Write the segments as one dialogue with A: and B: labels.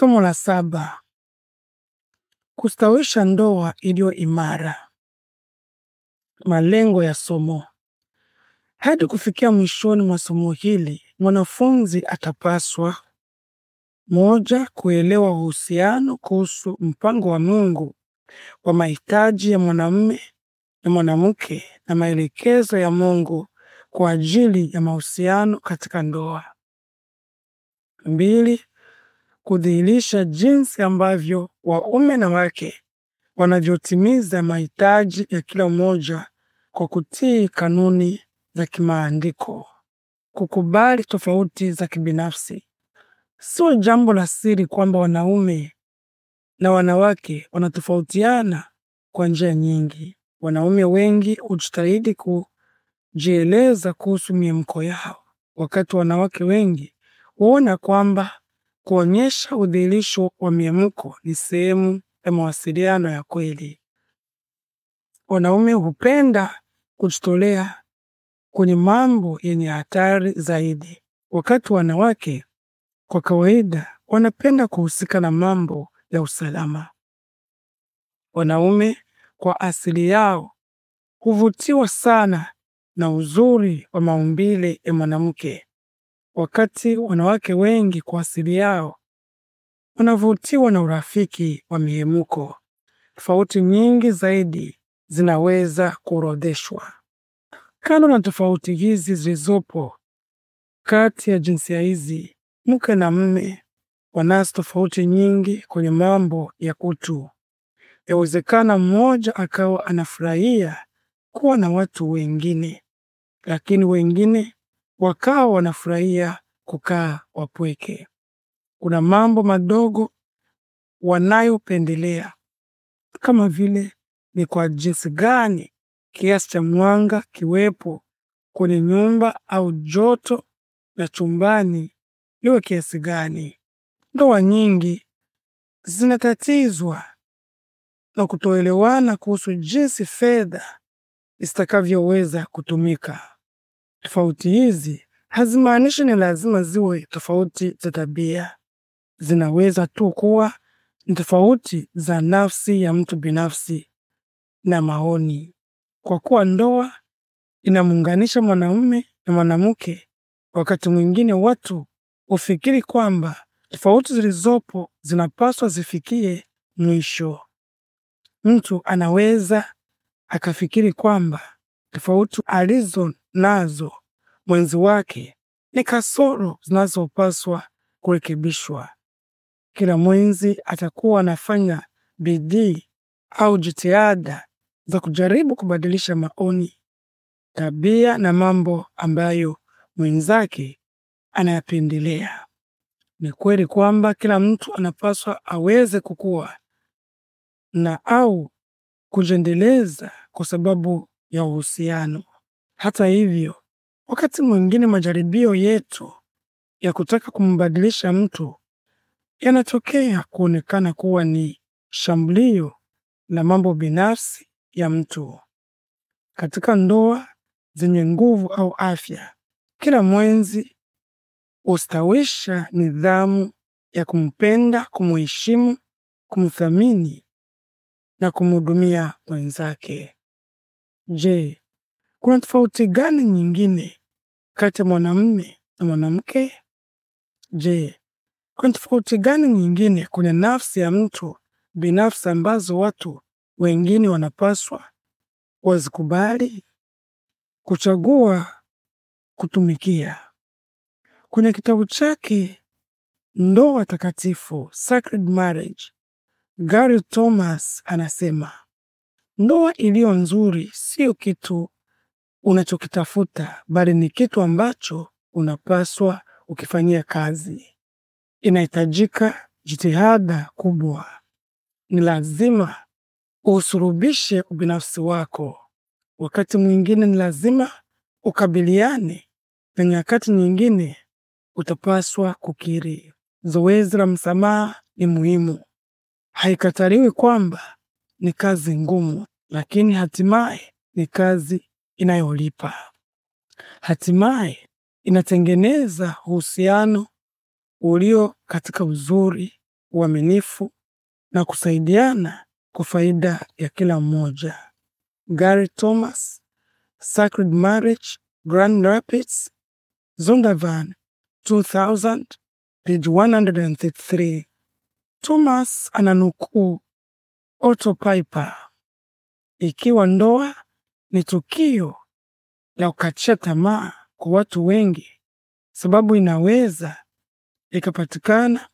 A: Somo la saba: kustawisha ndoa iliyo imara. Malengo ya somo: hadi kufikia mwishoni mwa somo hili, mwanafunzi atapaswa: moja, kuelewa uhusiano kuhusu mpango wa Mungu wa mahitaji ya mwanamume na mwanamke na maelekezo ya Mungu kwa ajili ya mahusiano katika ndoa. Mbili, kudhihirisha jinsi ambavyo waume na wake wanavyotimiza mahitaji ya kila mmoja kwa kutii kanuni za kimaandiko. Kukubali tofauti za kibinafsi. Sio jambo la siri kwamba wanaume na wanawake wanatofautiana kwa njia nyingi. Wanaume wengi hujitahidi kujieleza kuhusu miemko yao, wakati wanawake wengi huona kwamba Kuonyesha udhihirisho wa miamko ni sehemu ya mawasiliano ya kweli. Wanaume hupenda kujitolea kwenye mambo yenye hatari zaidi, wakati wanawake kwa kawaida wanapenda kuhusika na mambo ya usalama. Wanaume kwa asili yao huvutiwa sana na uzuri wa maumbile ya mwanamke wakati wanawake wengi kwa asili yao wanavutiwa na urafiki wa mihemuko Tofauti nyingi zaidi zinaweza kuorodheshwa. Kando na tofauti hizi zilizopo kati ya jinsia hizi, mke na mme wanazo tofauti nyingi kwenye mambo ya kutu. Yawezekana mmoja akawa anafurahia kuwa na watu wengine, lakini wengine wakawa wanafurahia kukaa wapweke. Kuna mambo madogo wanayopendelea kama vile ni kwa jinsi gani kiasi cha mwanga kiwepo kwenye nyumba au joto na chumbani liwe kiasi gani. Ndoa nyingi zinatatizwa na kutoelewana kuhusu jinsi fedha zitakavyoweza kutumika. Tofauti hizi hazimaanishi ni lazima ziwe tofauti za tabia. Zinaweza tu kuwa ni tofauti za nafsi ya mtu binafsi na maoni. Kwa kuwa ndoa inamuunganisha mwanamume na mwanamke, wakati mwingine watu hufikiri kwamba tofauti zilizopo zinapaswa zifikie mwisho. Mtu anaweza akafikiri kwamba tofauti alizo nazo mwenzi wake ni kasoro zinazopaswa kurekebishwa. Kila mwenzi atakuwa anafanya bidii au jitihada za kujaribu kubadilisha maoni, tabia na mambo ambayo mwenzake anayapendelea. Ni kweli kwamba kila mtu anapaswa aweze kukua na au kujiendeleza kwa sababu ya uhusiano. Hata hivyo, wakati mwingine majaribio yetu ya kutaka kumbadilisha mtu yanatokea kuonekana kuwa ni shambulio la mambo binafsi ya mtu. Katika ndoa zenye nguvu au afya, kila mwenzi hustawisha nidhamu ya kumpenda, kumuheshimu, kumthamini na kumhudumia mwenzake. Je, kuna tofauti gani nyingine kati ya mwanamume na mwanamke? Je, kuna tofauti gani nyingine kwenye nafsi ya mtu binafsi ambazo watu wengine wanapaswa wazikubali? Kuchagua kutumikia. Kwenye kitabu chake Ndoa Takatifu, Sacred Marriage, Gary Thomas anasema Ndoa iliyo nzuri sio kitu unachokitafuta, bali ni kitu ambacho unapaswa ukifanyia kazi. Inahitajika jitihada kubwa. Ni lazima usurubishe ubinafsi wako. Wakati mwingine ni lazima ukabiliane na nyakati nyingine utapaswa kukiri. Zoezi la msamaha ni muhimu. Haikataliwi kwamba ni kazi ngumu, lakini hatimaye ni kazi inayolipa, hatimaye inatengeneza uhusiano ulio katika uzuri, uaminifu na kusaidiana kwa faida ya kila mmoja. Gary Thomas, Sacred Marriage, Grand Rapids, Zondervan 2000, page 133. Thomas ananukuu Otto Piper ikiwa ndoa ni tukio la kukatisha tamaa kwa watu wengi, sababu inaweza ikapatikana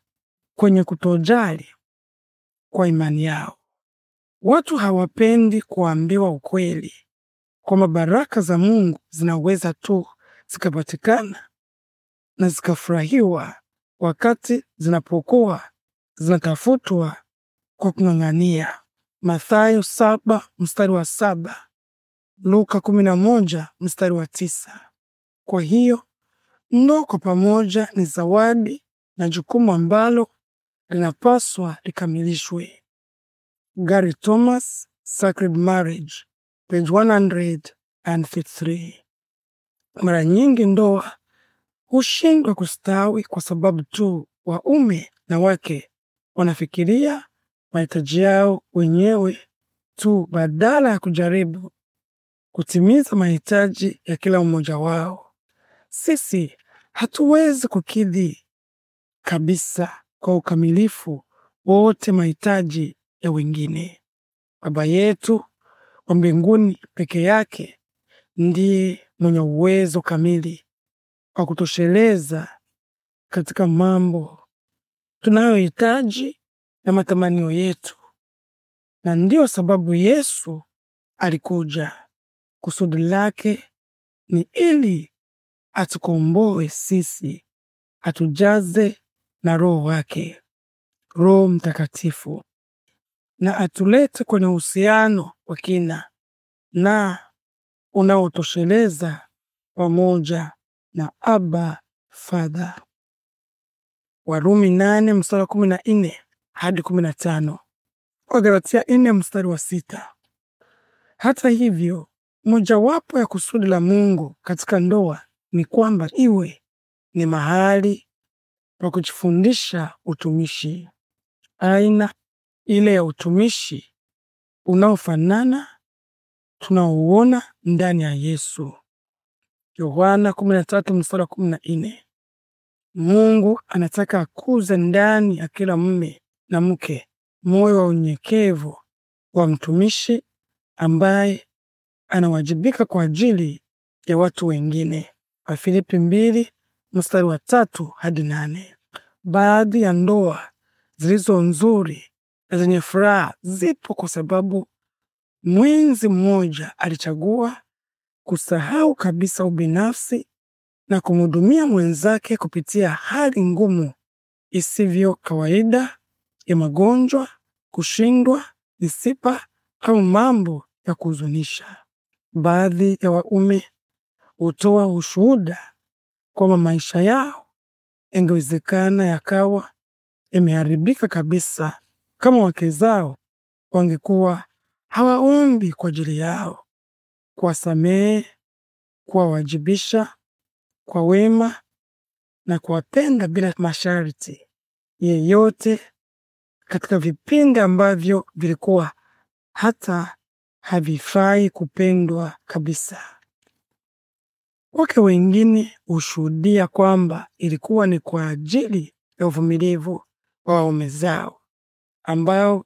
A: kwenye kutojali kwa imani yao. Watu hawapendi kuambiwa ukweli kwamba baraka za Mungu zinaweza tu zikapatikana na zikafurahiwa wakati zinapokuwa zinatafutwa kwa kung'ang'ania. Mathayo saba mstari wa saba Luka kumi na moja mstari wa tisa. Kwa hiyo ndoa kwa pamoja ni zawadi na jukumu ambalo linapaswa likamilishwe. Gary Thomas, Sacred Marriage, page 153. Mara nyingi ndoa hushindwa kustawi kwa sababu tu waume na wake wanafikiria mahitaji yao wenyewe tu badala ya kujaribu kutimiza mahitaji ya kila mmoja wao. Sisi hatuwezi kukidhi kabisa kwa ukamilifu wote mahitaji ya wengine. Baba yetu wa mbinguni peke yake ndiye mwenye uwezo kamili wa kutosheleza katika mambo tunayohitaji na matamanio yetu, na ndiyo sababu Yesu alikuja. Kusudi lake ni ili atukomboe sisi, atujaze na Roho wake, Roho Mtakatifu, na atulete kwenye uhusiano wa kina na unaotosheleza pamoja na Abba Father. Warumi nane mstari kumi na nne hadi kumi na tano. Wagalatia nne mstari wa sita. Hata hivyo, mojawapo ya kusudi la Mungu katika ndoa ni kwamba iwe ni mahali pa kujifundisha utumishi, aina ile ya utumishi unaofanana tunaouona ndani ya Yesu. Yohana 13 mstari wa 14. Mungu anataka akuze ndani ya kila mume na mke moyo wa unyenyekevu wa mtumishi ambaye anawajibika kwa ajili ya watu wengine. Wafilipi mbili mstari wa tatu hadi nane. Baadhi ya ndoa zilizo nzuri na zenye furaha zipo kwa sababu mwenzi mmoja alichagua kusahau kabisa ubinafsi na kumhudumia mwenzake kupitia hali ngumu isivyo kawaida ya magonjwa, kushindwa, visipa au mambo ya kuhuzunisha. Baadhi ya waume hutoa ushuhuda kwamba maisha yao yangewezekana yakawa yameharibika kabisa kama wake zao wangekuwa hawaombi kwa ajili yao, kuwasamehe, kuwawajibisha kwa wema na kuwapenda bila masharti yeyote katika vipindi ambavyo vilikuwa hata havifai kupendwa kabisa. Wake wengine hushuhudia kwamba ilikuwa ni kwa ajili ya uvumilivu wa waume zao ambao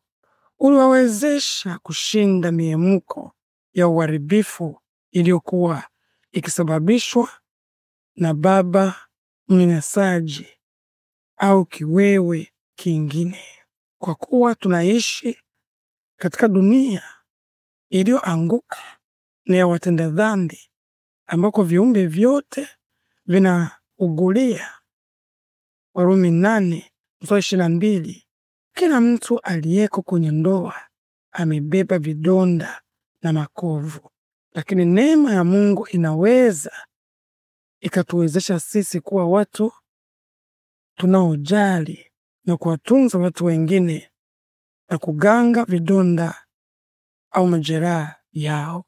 A: uliwawezesha kushinda miemko ya uharibifu iliyokuwa ikisababishwa na baba mnyanyasaji au kiwewe kingine kwa kuwa tunaishi katika dunia iliyoanguka na ya watenda dhambi, ambako viumbe vyote vinaugulia. Warumi nane mstari ishirini na mbili. Kila mtu aliyeko kwenye ndoa amebeba vidonda na makovu, lakini neema ya Mungu inaweza ikatuwezesha sisi kuwa watu tunaojali na kuwatunza watu wengine na kuganga vidonda au majeraha yao.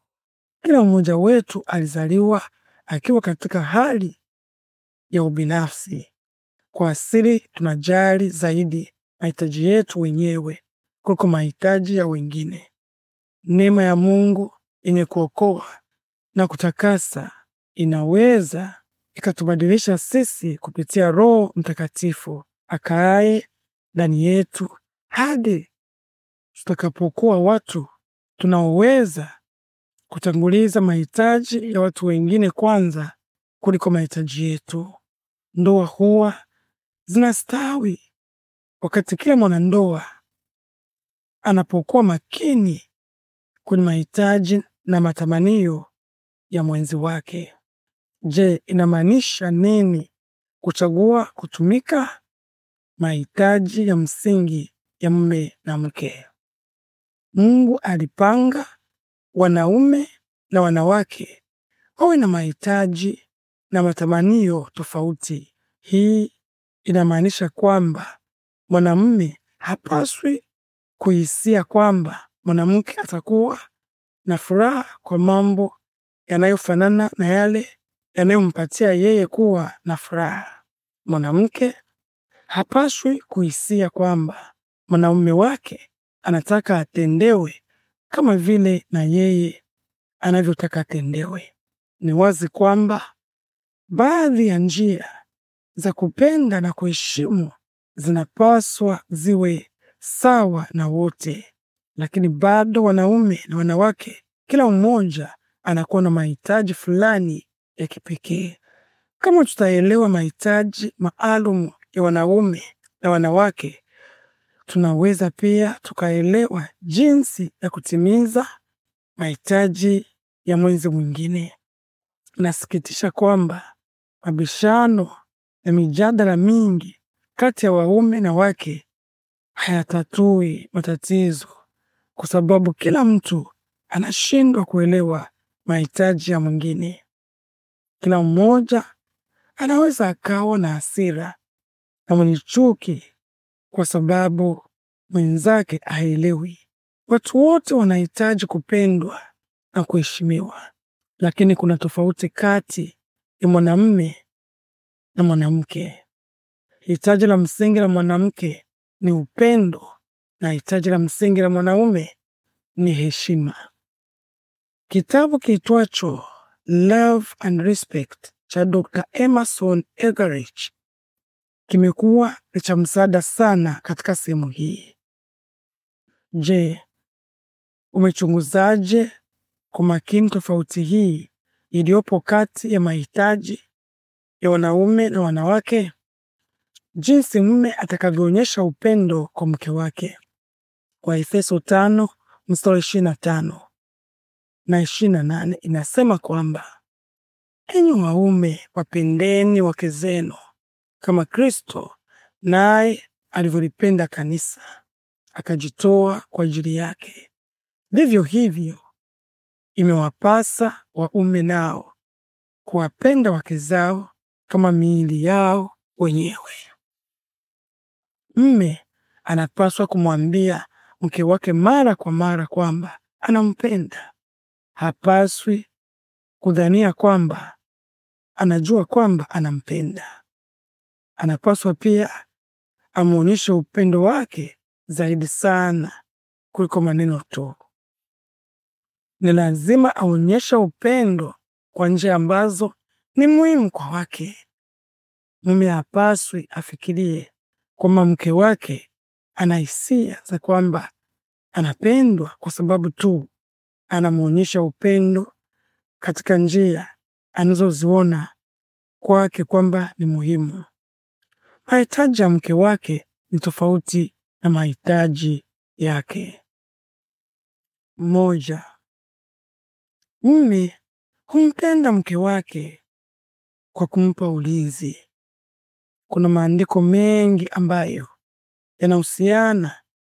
A: Kila mmoja wetu alizaliwa akiwa katika hali ya ubinafsi. Kwa asili, tunajali zaidi mahitaji yetu wenyewe kuliko mahitaji ya wengine. Neema ya Mungu yenye kuokoa na kutakasa inaweza ikatubadilisha sisi kupitia Roho Mtakatifu akaaye ndani yetu hadi tutakapokuwa watu tunaoweza kutanguliza mahitaji ya watu wengine kwanza kuliko mahitaji yetu. Ndoa huwa zinastawi wakati kila mwanandoa anapokuwa makini kwenye mahitaji na matamanio ya mwenzi wake. Je, inamaanisha nini kuchagua kutumika mahitaji ya msingi ya mume na mke. Mungu alipanga wanaume na wanawake wawe na mahitaji na matamanio tofauti. Hii inamaanisha kwamba mwanamume hapaswi kuhisia kwamba mwanamke atakuwa na furaha kwa mambo yanayofanana na yale yanayompatia yeye kuwa na furaha. Mwanamke hapaswi kuhisia kwamba mwanaume wake anataka atendewe kama vile na yeye anavyotaka atendewe. Ni wazi kwamba baadhi ya njia za kupenda na kuheshimu zinapaswa ziwe sawa na wote, lakini bado wanaume na wanawake, kila mmoja anakuwa na mahitaji fulani ya kipekee. Kama tutaelewa mahitaji maalum ya wanaume na wanawake, tunaweza pia tukaelewa jinsi ya kutimiza mahitaji ya mwenzi mwingine. Nasikitisha kwamba mabishano na mijadala mingi kati ya waume na wake hayatatui matatizo kwa sababu kila mtu anashindwa kuelewa mahitaji ya mwingine. Kila mmoja anaweza akawa na hasira na mwenye chuki kwa sababu mwenzake haelewi. Watu wote wanahitaji kupendwa na kuheshimiwa, lakini kuna tofauti kati ya mwanamume na mwanamke. Hitaji la msingi la mwanamke ni upendo na hitaji la msingi la mwanaume ni heshima. Kitabu kiitwacho Love and Respect cha Dr. Emerson Egerich kimekuwa ni cha msaada sana katika sehemu hii. Je, umechunguzaje kwa makini tofauti hii iliyopo kati ya mahitaji ya wanaume na wanawake? Jinsi mume atakavyoonyesha upendo kwa mke wake, kwa Efeso tano mstari ishirini na tano na na nane inasema kwamba, enyi waume wapendeni wake zenu kama Kristo naye alivyolipenda kanisa akajitoa kwa ajili yake, vivyo hivyo imewapasa waume nao kuwapenda wake zao kama miili yao wenyewe. Mme anapaswa kumwambia mke wake mara kwa mara kwamba anampenda. Hapaswi kudhania kwamba anajua kwamba anampenda anapaswa pia amwonyeshe upendo wake zaidi sana kuliko maneno tu. Ni lazima aonyeshe upendo kwa njia ambazo ni muhimu kwa wake. Mume hapaswi afikirie kwamba mke wake ana hisia za kwamba anapendwa kwa sababu tu anamwonyesha upendo katika njia anazoziona kwake kwamba ni muhimu mahitaji ya mke wake ni tofauti na mahitaji yake. Moja, mume humpenda mke wake kwa kumpa ulinzi. Kuna maandiko mengi ambayo yanahusiana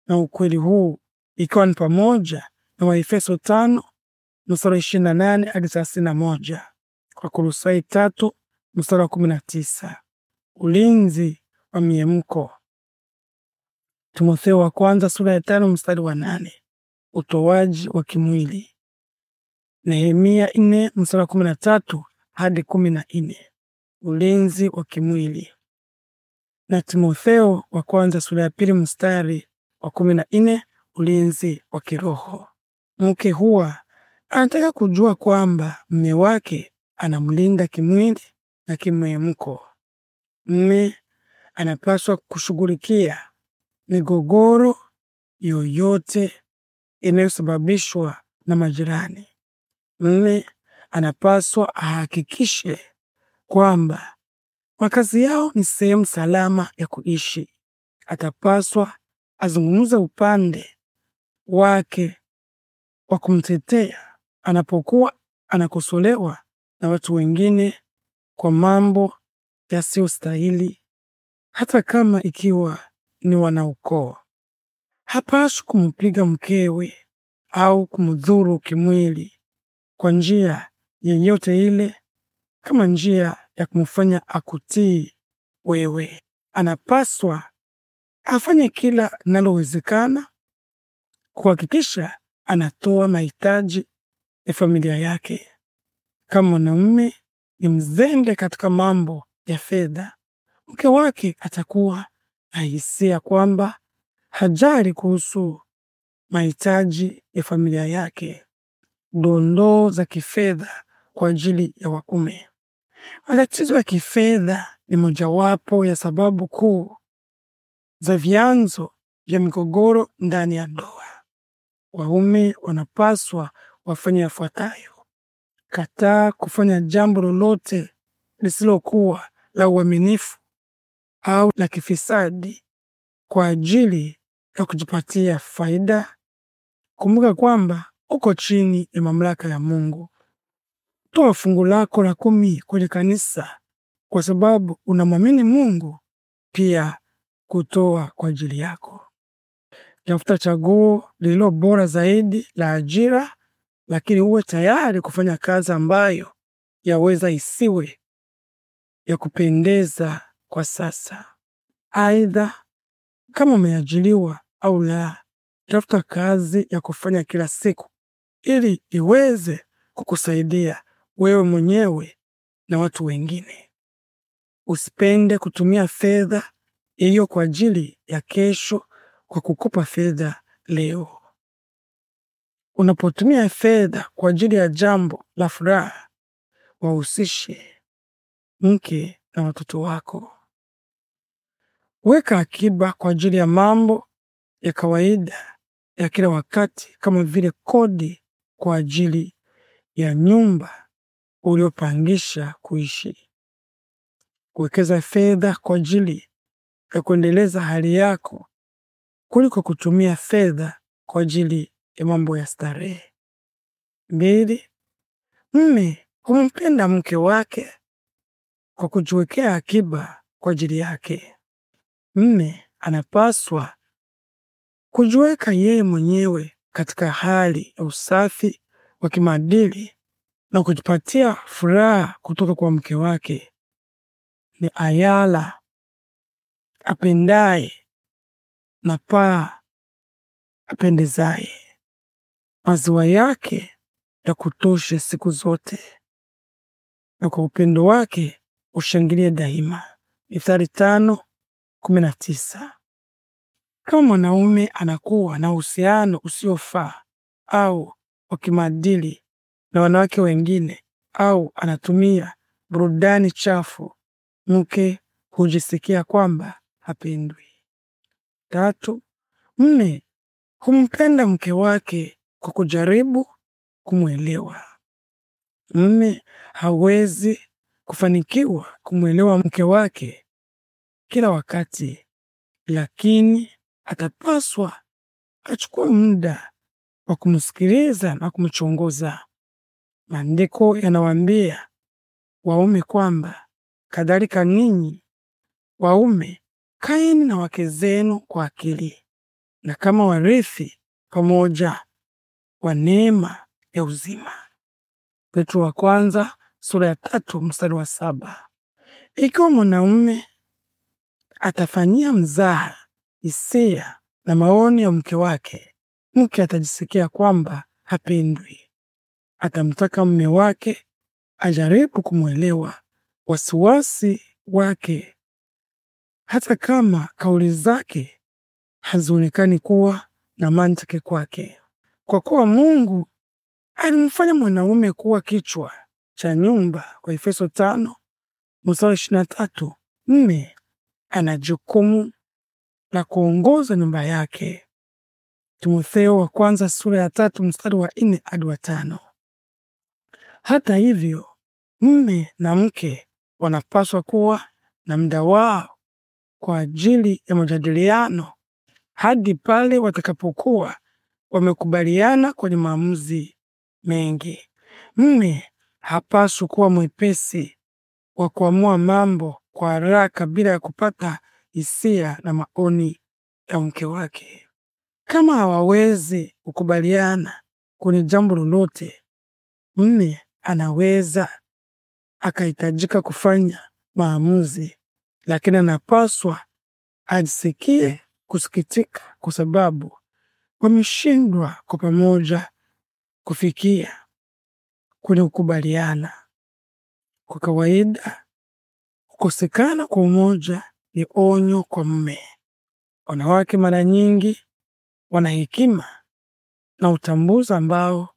A: na ukweli huu ikiwa ni pamoja na Waefeso tano mstari ishirini na nane hadi thelathini na moja kwa tatu mstari wa kumi na tisa ulinzi wa miemko. Timotheo wa kwanza sura ya tano mstari wa nane utoaji wa kimwili. Nehemia 4 mstari wa tatu hadi 14 ulinzi wa kimwili, na Timotheo wa kwanza sura ya pili mstari wa 14 ulinzi wa kiroho. Mke huwa anataka kujua kwamba mume wake anamlinda kimwili na kimwemko. Mme anapaswa kushughulikia migogoro yoyote inayosababishwa na majirani. Mme anapaswa ahakikishe kwamba makazi yao ni sehemu salama ya kuishi. Atapaswa azungumze upande wake wa kumtetea anapokuwa anakosolewa na watu wengine kwa mambo yasiyostahili, hata kama ikiwa ni wanaukoo. hapashi kumpiga mkewe au kumdhuru kimwili kwa njia yeyote ile, kama njia ya kumfanya akutii wewe. Anapaswa afanye kila linalowezekana kuhakikisha anatoa mahitaji ya familia yake. Kama mwanaume ni mzende katika mambo ya fedha, mke wake atakuwa na hisia kwamba hajali kuhusu mahitaji ya familia yake. Dondoo za kifedha kwa ajili ya wakume. Matatizo ya kifedha ni mojawapo ya sababu kuu za vyanzo vya migogoro ndani ya ndoa. Waume wanapaswa wafanye yafuatayo: kataa kufanya jambo lolote lisilokuwa la uaminifu au la kifisadi kwa ajili ya kujipatia faida. Kumbuka kwamba uko chini ya mamlaka ya Mungu. Toa fungu lako la kumi kwenye kanisa kwa sababu unamwamini Mungu pia kutoa kwa ajili yako. Tafuta chaguo lililo bora zaidi la ajira, lakini uwe tayari kufanya kazi ambayo yaweza isiwe ya kupendeza kwa sasa. Aidha, kama umeajiriwa au la, tafuta kazi ya kufanya kila siku ili iweze kukusaidia wewe mwenyewe na watu wengine. Usipende kutumia fedha iliyo kwa ajili ya kesho kwa kukopa fedha leo. Unapotumia fedha kwa ajili ya jambo la furaha, wahusishe mke na watoto wako. Weka akiba kwa ajili ya mambo ya kawaida ya kila wakati kama vile kodi kwa ajili ya nyumba uliopangisha kuishi, kuwekeza fedha kwa ajili ya kuendeleza hali yako kuliko kutumia fedha kwa ajili ya mambo ya starehe. Mbili, mme humpenda mke wake kwa kujiwekea akiba kwa ajili yake. Mme anapaswa kujiweka yeye mwenyewe katika hali ya usafi wa kimaadili na kujipatia furaha kutoka kwa mke wake. Ni ayala apendaye na paa apendezaye, maziwa yake ya kutosha siku zote, na kwa upendo wake ushangilie daima. Mithali tano kumi na tisa. Kama mwanaume anakuwa na uhusiano usiofaa au wa kimaadili na wanawake wengine au anatumia burudani chafu, mke hujisikia kwamba hapendwi. Tatu, mme humpenda mke wake kwa kujaribu kumwelewa. Mme hawezi kufanikiwa kumwelewa mke wake kila wakati, lakini atapaswa achukue muda wa kumsikiliza na kumchongoza. Maandiko yanawaambia waume kwamba kadhalika ninyi waume kaeni na wake zenu kwa akili, na kama warithi pamoja wa neema ya uzima. Petro wa kwanza sura ya tatu mstari wa saba. Ikiwa mwanaume atafanyia mzaha hisia na maoni ya mke wake, mke atajisikia kwamba hapendwi. Atamtaka mume wake ajaribu kumwelewa wasiwasi wake, hata kama kauli zake hazionekani kuwa na mantiki kwake, kwa kuwa Mungu alimfanya mwanaume kuwa kichwa cha nyumba kwa Efeso tano mstari ishirini na tatu nne ana jukumu la kuongoza nyumba yake. Timotheo wa kwanza sura ya tatu mstari wa nne hadi wa tano. Hata hivyo, mme na mke wanapaswa kuwa na muda wao kwa ajili ya majadiliano hadi pale watakapokuwa wamekubaliana kwenye maamuzi mengi. Mme hapaswi kuwa mwepesi wa kuamua mambo kwa haraka bila ya kupata hisia na maoni ya mke wake. Kama hawawezi kukubaliana kwenye jambo lolote, mme anaweza akahitajika kufanya maamuzi, lakini anapaswa ajisikie kusikitika kwa sababu wameshindwa kwa pamoja kufikia kwenye kukubaliana. Kwa kawaida, kukosekana kwa umoja ni onyo kwa mme. Wanawake mara nyingi wana hekima na utambuzi ambao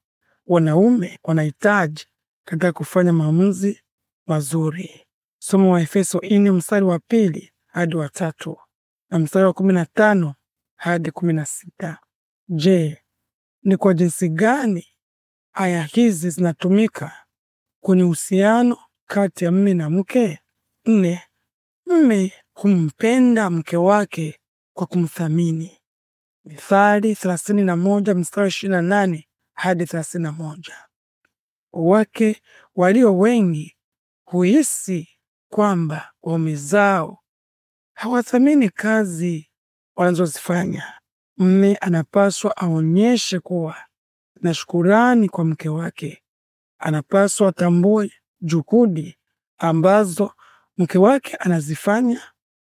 A: wanaume wanahitaji katika kufanya maamuzi mazuri. wa Efeso ini mstari wa pili hadi wa tatu na mstari wa kumi na tano hadi kumi na sita. Je, ni kwa jinsi gani aya hizi zinatumika kwenye uhusiano kati ya mme na mke. Nne, mme humpenda mke wake kwa kumthamini. Mithali 31 mstari 28 hadi 31. Wake walio wengi huhisi kwamba waume zao hawathamini kazi wanazozifanya. Mme anapaswa aonyeshe kuwa na shukurani kwa mke wake, anapaswa atambue juhudi ambazo mke wake anazifanya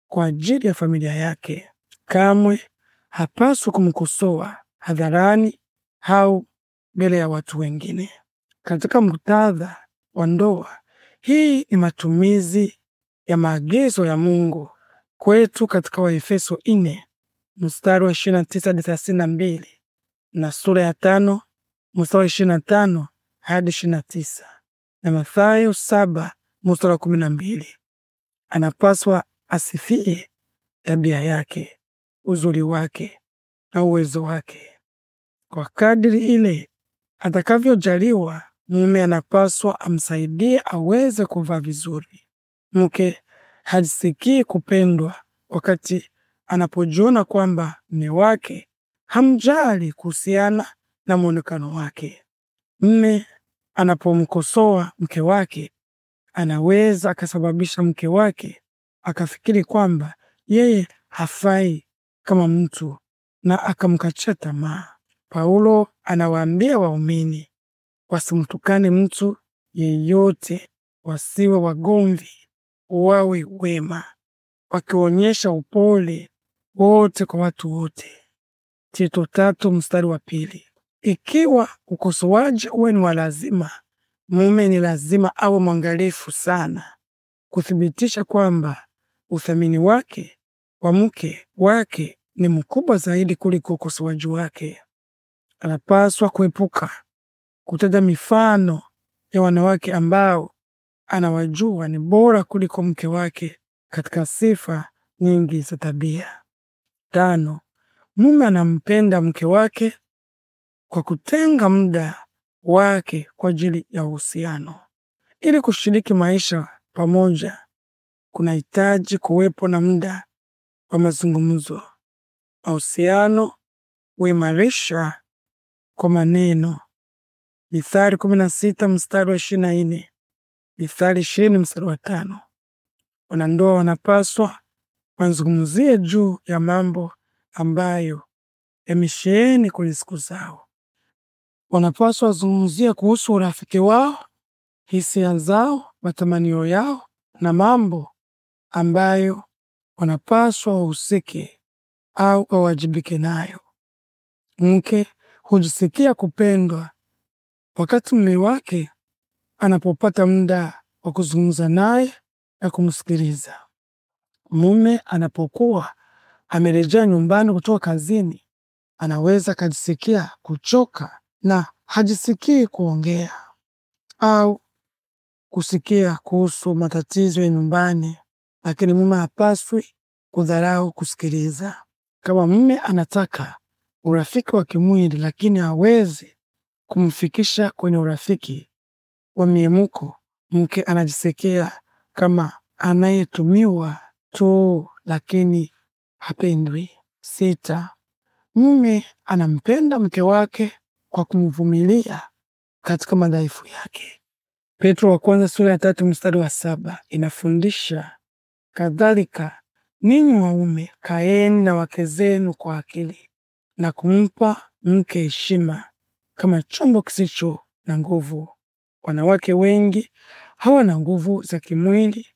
A: kwa ajili ya familia yake. Kamwe hapaswi kumkosoa hadharani au mbele ya watu wengine. Katika muktadha wa ndoa, hii ni matumizi ya maagizo ya Mungu kwetu katika Waefeso 4 mstari wa 29 hadi 32 na sura ya tano mstari ishirini na tano hadi ishirini na tisa na Mathayo saba mstari wa kumi na mbili. Anapaswa asifie tabia yake, uzuri wake na uwezo wake. Kwa kadiri ile atakavyojaliwa, mume anapaswa amsaidie aweze kuvaa vizuri. Mke hajisikii kupendwa wakati anapojiona kwamba mume wake hamjali kuhusiana na mwonekano wake. Mme anapomkosoa mke wake anaweza akasababisha mke wake akafikiri kwamba yeye hafai kama mtu na akamkatia tamaa. Paulo anawaambia waumini wasimtukane mtu yeyote, wasiwe wagomvi, wawe wema, wakionyesha upole wote kwa watu wote. Tito tatu mstari wa pili. Ikiwa ukosoaji uwe ni wa lazima, mume ni lazima awe mwangalifu sana kuthibitisha kwamba uthamini wake wa mke wake ni mkubwa zaidi kuliko ukosoaji wake. Anapaswa kuepuka kutaja mifano ya wanawake ambao anawajua ni bora kuliko mke wake katika sifa nyingi za tabia. Tano, mume anampenda mke wake kwa kutenga muda wake kwa ajili ya uhusiano. Ili kushiriki maisha pamoja, kunahitaji kuwepo na muda wa mazungumzo. Mahusiano huimarishwa kwa maneno. Mithali kumi na sita mstari wa ishirini na nne Mithali ishirini mstari wa tano. Wanandoa wanapaswa wazungumzie juu ya mambo ambayo yamesheheni kwenye siku zao wanapaswa wazungumzia kuhusu urafiki wao, hisia zao, matamanio yao na mambo ambayo wanapaswa wahusike au wawajibike nayo. Mke hujisikia kupendwa wakati mume wake anapopata muda wa kuzungumza naye na kumsikiliza. Mume anapokuwa amerejea nyumbani kutoka kazini, anaweza akajisikia kuchoka na hajisikii kuongea au kusikia kuhusu matatizo ya nyumbani, lakini mume hapaswi kudharau kusikiliza. Kama mume anataka urafiki wa kimwili, lakini hawezi kumfikisha kwenye urafiki wa miemuko, mke anajisikia kama anayetumiwa tu, lakini hapendwi. Sita, mume anampenda mke wake kwa kumvumilia katika madhaifu yake. Petro wa kwanza sura ya tatu mstari wa saba inafundisha kadhalika, ninyi waume kaeni na wake zenu kwa akili na kumpa mke heshima kama chombo kisicho na nguvu. Wanawake wengi hawana nguvu za kimwili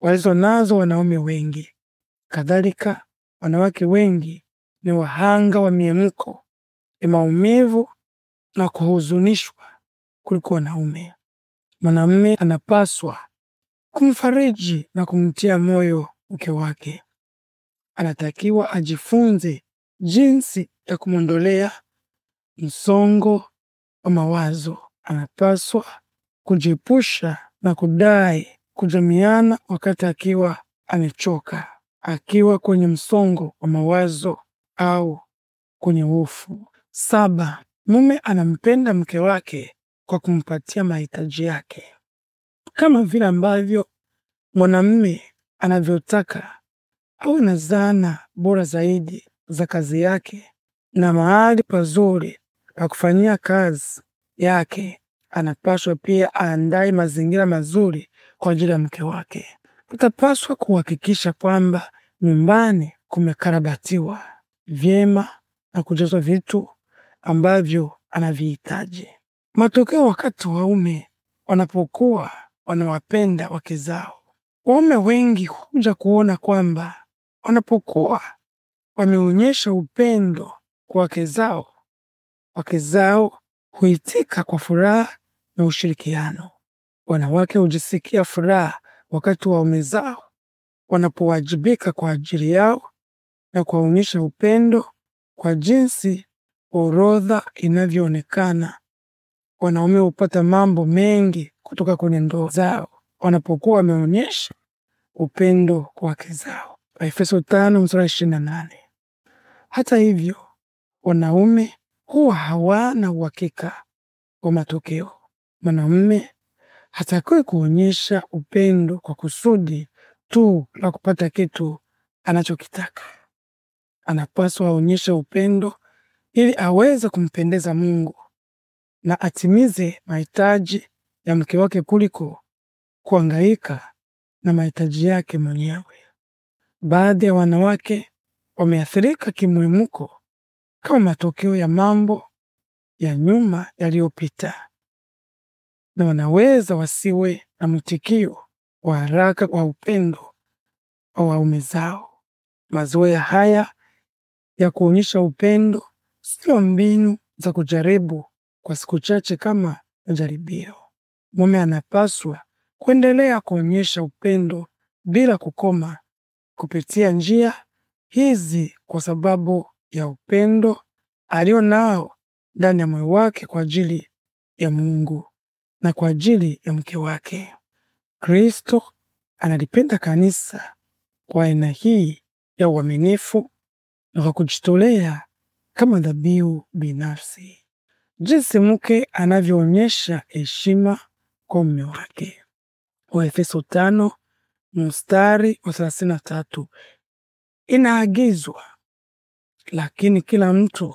A: walizo nazo wanaume wengi. Kadhalika, wanawake wengi ni wahanga wa miemko ya maumivu na kuhuzunishwa kuliko wanaume. Mwanamume anapaswa kumfariji na kumtia moyo mke wake. Anatakiwa ajifunze jinsi ya kumwondolea msongo wa mawazo. Anapaswa kujiepusha na kudai kujamiana wakati akiwa amechoka, akiwa kwenye msongo wa mawazo au kwenye hofu. Saba, Mume anampenda mke wake kwa kumpatia mahitaji yake kama vile ambavyo mwanamume anavyotaka au na zana bora zaidi za kazi yake na mahali pazuri pa kufanyia kazi yake. Anapaswa pia aandae mazingira mazuri kwa ajili ya mke wake. utapaswa kuhakikisha kwamba nyumbani kumekarabatiwa vyema na kujazwa vitu ambavyo anavihitaji. Matokeo, wakati waume wanapokuwa wanawapenda wake zao, waume wengi huja kuona kwamba wanapokuwa wameonyesha upendo kwa wake zao, wake zao huitika kwa furaha na ushirikiano. Wanawake hujisikia furaha wakati waume zao wanapowajibika kwa ajili yao na kuwaonyesha upendo kwa jinsi orodha inavyoonekana, wanaume hupata mambo mengi kutoka kwenye ndoa zao wanapokuwa wameonyesha upendo kwa wake zao, Efeso tano na nane. Hata hivyo, wanaume huwa hawana uhakika wa matokeo. mwanaume hatakiwe kuonyesha upendo kwa kusudi tu la kupata kitu anachokitaka. Anapaswa aonyeshe upendo ili aweze kumpendeza Mungu na atimize mahitaji ya mke wake kuliko kuangaika na mahitaji yake mwenyewe. Baadhi ya wanawake wameathirika kimwemko kama matokeo ya mambo ya nyuma yaliyopita, na wanaweza wasiwe na mwitikio wa haraka kwa upendo wa waume zao. Mazoea haya ya kuonyesha upendo Sio mbinu za kujaribu kwa siku chache kama majaribio. Mume anapaswa kuendelea kuonyesha upendo bila kukoma kupitia njia hizi kwa sababu ya upendo alio nao ndani ya moyo wake kwa ajili ya Mungu na kwa ajili ya mke wake. Kristo analipenda kanisa kwa aina hii ya uaminifu na kwa kujitolea kama dhabihu binafsi, jinsi mke anavyoonyesha heshima kwa mume wake. Waefeso tano mstari wa thelathini na tatu inaagizwa, lakini kila mtu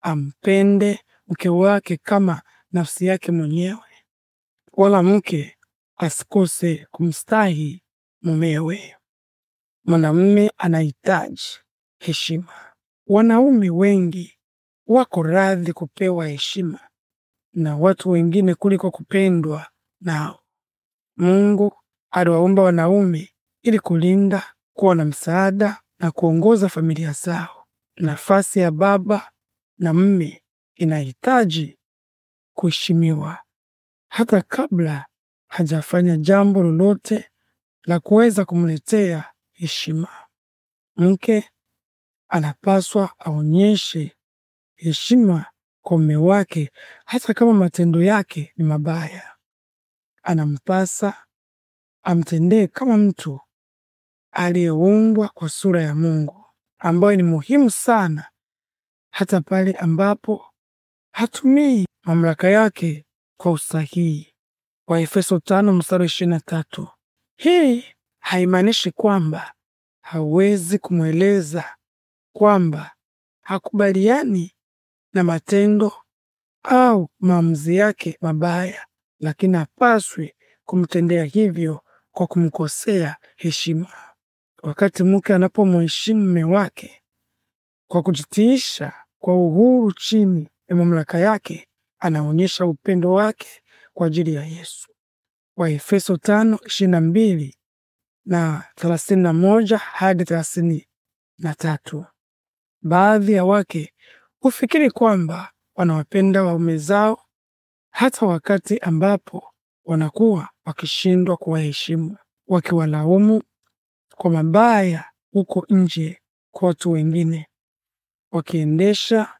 A: ampende mke wake kama nafsi yake mwenyewe, wala mke asikose kumstahi mumewe. Mwanamume anahitaji heshima. Wanaume wengi wako radhi kupewa heshima na watu wengine kuliko kupendwa nao. Mungu aliwaumba wanaume ili kulinda, kuwa na msaada na kuongoza familia zao. Nafasi ya baba na mme inahitaji kuheshimiwa hata kabla hajafanya jambo lolote la kuweza kumletea heshima. Mke anapaswa aonyeshe heshima kwa mume wake hata kama matendo yake ni mabaya. Anampasa amtendee kama mtu aliyeumbwa kwa sura ya Mungu, ambayo ni muhimu sana hata pale ambapo hatumii mamlaka yake kwa usahihi. Waefeso 5 mstari 23. Hii haimaanishi kwamba hawezi kumweleza kwamba hakubaliani na matendo au maamuzi yake mabaya, lakini hapaswi kumtendea hivyo kwa kumkosea heshima. Wakati mke anapomheshimu mume wake kwa kujitiisha kwa uhuru chini ya mamlaka yake, anaonyesha upendo wake kwa ajili ya Yesu. Waefeso 5:22 na 31 hadi 33. Baadhi ya wake hufikiri kwamba wanawapenda waume zao hata wakati ambapo wanakuwa wakishindwa kuwaheshimu, wakiwalaumu kwa mabaya huko nje kwa watu wengine, wakiendesha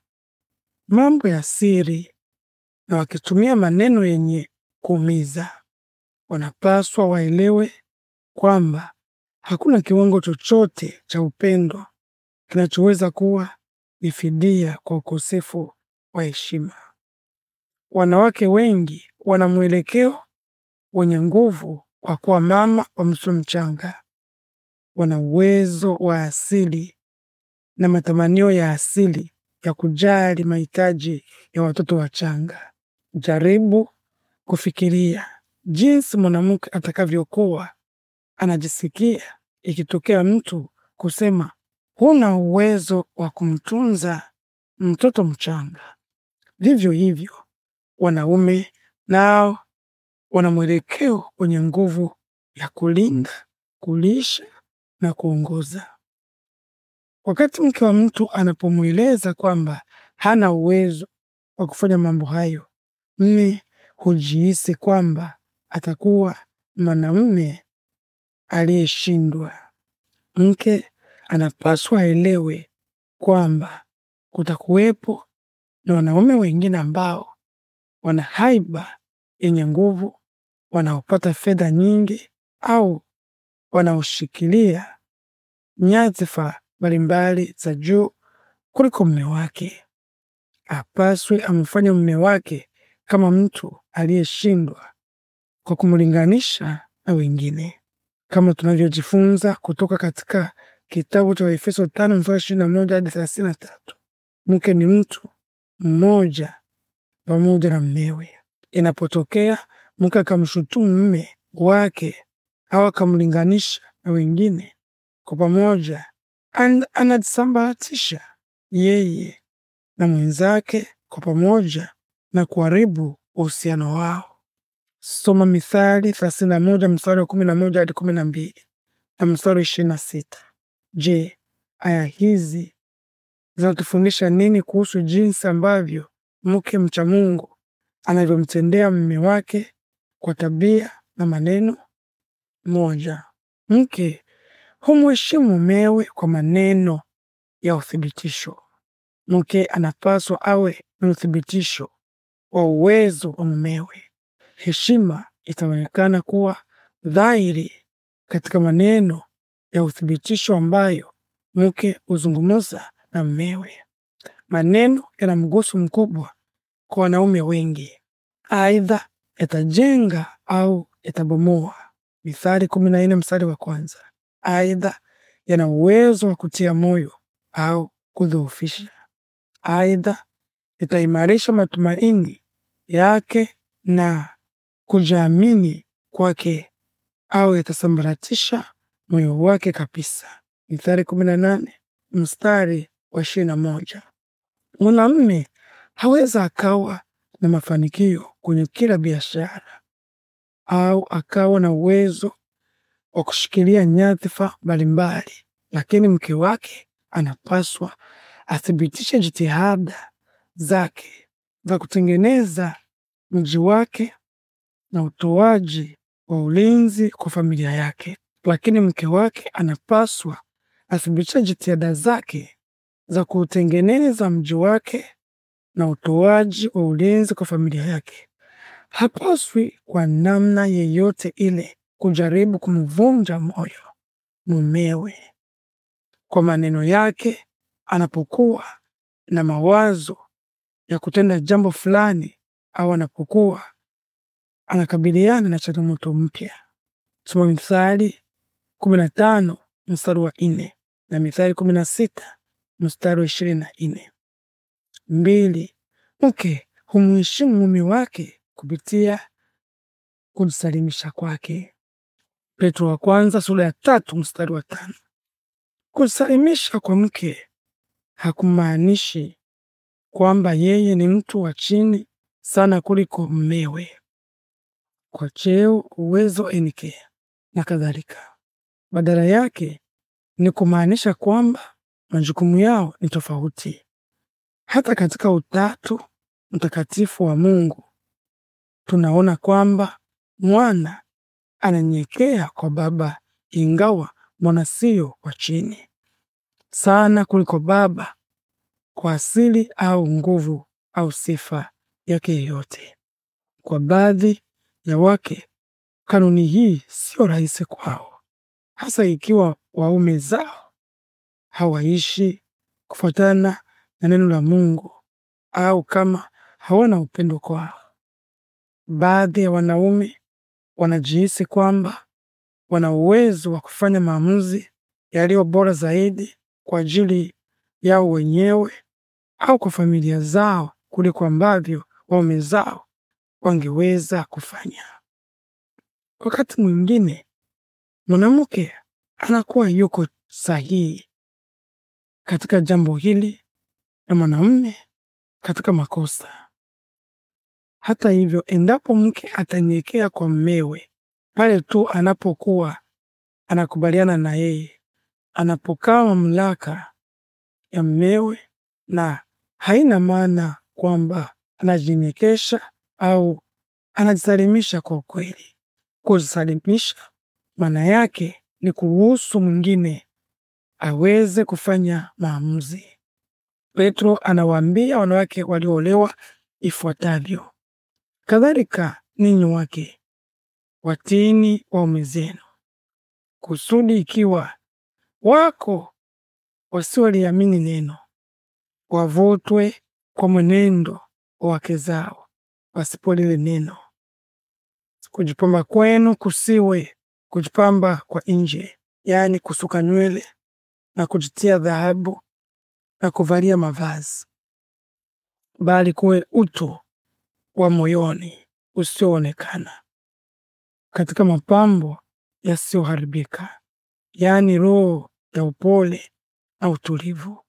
A: mambo ya siri na wakitumia maneno yenye kuumiza. Wanapaswa waelewe kwamba hakuna kiwango chochote cha upendo kinachoweza kuwa ni fidia kwa ukosefu wa heshima. Wanawake wengi wana mwelekeo wenye nguvu kwa kuwa mama wa mtoto mchanga. Wana uwezo wa asili na matamanio ya asili ya kujali mahitaji ya watoto wachanga. Jaribu kufikiria jinsi mwanamke atakavyokuwa anajisikia ikitokea mtu kusema huna uwezo wa kumtunza mtoto mchanga. Vivyo hivyo, wanaume nao wana mwelekeo wenye nguvu ya kulinda, kulisha na kuongoza. Wakati mke wa mtu anapomweleza kwamba hana uwezo wa kufanya mambo hayo, mme hujihisi kwamba atakuwa mwanamume aliyeshindwa. Mke anapaswa aelewe kwamba kutakuwepo na wanaume wengine ambao wana haiba yenye nguvu, wanaopata fedha nyingi au wanaoshikilia nyadhifa mbalimbali za juu kuliko mume wake. Apaswe amfanye mume wake kama mtu aliyeshindwa kwa kumlinganisha na wengine, kama tunavyojifunza kutoka katika kitabu cha Waefeso tano mstari ishirini na moja hadi thelathini na tatu. Mke ni mtu mmoja pamoja na mmewe. Inapotokea mke akamshutumu mme wake au akamlinganisha na wengine, kwa pamoja anajisambaratisha yeye na mwenzake kwa pamoja na kuharibu uhusiano wao. Soma Mithali thelathini na moja mstari wa kumi na moja hadi kumi na mbili na mstari wa ishirini na sita. Je, aya hizi zinatufundisha nini kuhusu jinsi ambavyo mke mcha Mungu anavyomtendea mume wake kwa tabia na maneno? Moja, mke humheshimu mumewe kwa maneno ya uthibitisho. Mke anapaswa awe na uthibitisho wa uwezo wa mumewe. Heshima itaonekana kuwa dhahiri katika maneno ya uthibitisho ambayo mke huzungumza na mmewe. Maneno yana mguso mkubwa kwa wanaume wengi, aidha yatajenga au yatabomoa. Mithali kumi mstari wa kwanza. Aidha yana uwezo wa kutia moyo au kudhoofisha. Aidha itaimarisha matumaini yake na kujiamini kwake, au yatasambaratisha moyo wake kabisa. Mithali 18 mstari wa moja. Mwanamume haweza akawa na mafanikio kwenye kila biashara au akawa na uwezo wa kushikilia nyadhifa mbalimbali, lakini mke wake anapaswa athibitishe jitihada zake za kutengeneza mji wake na utoaji wa ulinzi kwa familia yake lakini mke wake anapaswa athibitishe jitihada zake za kuutengeneza mji wake na utoaji wa ulinzi kwa familia yake. Hapaswi kwa namna yeyote ile kujaribu kumvunja moyo mumewe kwa maneno yake anapokuwa na mawazo ya kutenda jambo fulani au anapokuwa anakabiliana na changamoto mpya. Soma Mithali kumi na tano mstari wa nne na Mithali kumi na sita mstari wa ishirini na nne. Mbili, mke humheshimu mume wake kupitia kumsalimisha kwake. Petro wa kwanza sura ya tatu mstari wa tano. Kusalimisha kwa mke hakumaanishi kwamba yeye ni mtu wa chini sana kuliko mmewe kwa cheo, uwezo, enikea na kadhalika. Badala yake ni kumaanisha kwamba majukumu yao ni tofauti. Hata katika Utatu Mtakatifu wa Mungu tunaona kwamba mwana ananyekea kwa Baba, ingawa mwana sio wa chini sana kuliko Baba kwa asili au nguvu au sifa yake yote. Kwa baadhi ya wake, kanuni hii sio rahisi kwao hasa ikiwa waume zao hawaishi kufuatana na neno la Mungu au kama hawana upendo kwao. Baadhi ya wanaume wanajihisi kwamba wana uwezo wa kufanya maamuzi yaliyo bora zaidi kwa ajili yao wenyewe au kwa familia zao kuliko ambavyo waume zao wangeweza kufanya. Wakati mwingine mwanamke anakuwa yuko sahihi katika jambo hili na mwanamume katika makosa. Hata hivyo, endapo mke atanyekea kwa mmewe pale tu anapokuwa anakubaliana na yeye, anapokaa mamlaka ya mmewe, na haina maana kwamba anajinyekesha au anajisalimisha kwa ukweli. Kujisalimisha maana yake ni kuruhusu mwingine aweze kufanya maamuzi. Petro anawaambia wanawake walioolewa ifuatavyo: kadhalika ninyi wake, watini waume zenu, kusudi ikiwa wako wasioliamini neno, wavutwe kwa mwenendo wa wake zao pasipo lile neno. Kujipamba kwenu kusiwe kujipamba kwa nje, yaani kusuka nywele na kujitia dhahabu na kuvalia mavazi, bali kuwe utu wa moyoni usioonekana katika mapambo yasiyoharibika, yaani roho ya upole na utulivu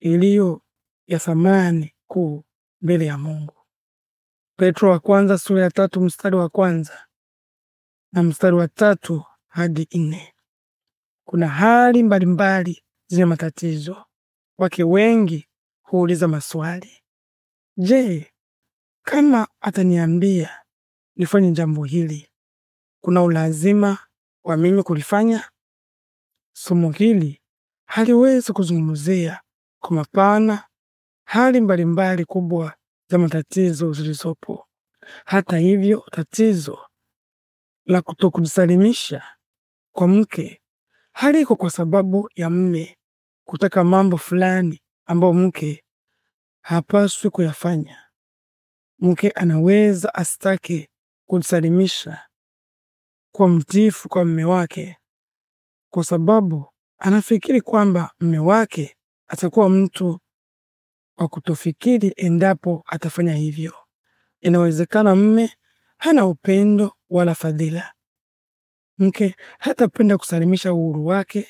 A: iliyo ya thamani kuu mbele ya Mungu. Petro wa kwanza sura ya tatu mstari wa kwanza na mstari wa tatu hadi nne. Kuna hali mbalimbali zenye matatizo. Wake wengi huuliza maswali, je, kama ataniambia nifanye jambo hili, kuna ulazima wa mimi kulifanya? Somo hili haliwezi kuzungumzia kwa mapana hali mbalimbali kubwa za matatizo zilizopo. Hata hivyo, tatizo la kutokumsalimisha kwa mke haliko kwa sababu ya mme kutaka mambo fulani ambayo mke hapaswi kuyafanya. Mke anaweza asitake kumsalimisha kwa mtifu kwa mme wake, kwa sababu anafikiri kwamba mme wake atakuwa mtu wa kutofikiri endapo atafanya hivyo. Inawezekana mme hana upendo wala fadhila. Mke hatapenda kusalimisha uhuru wake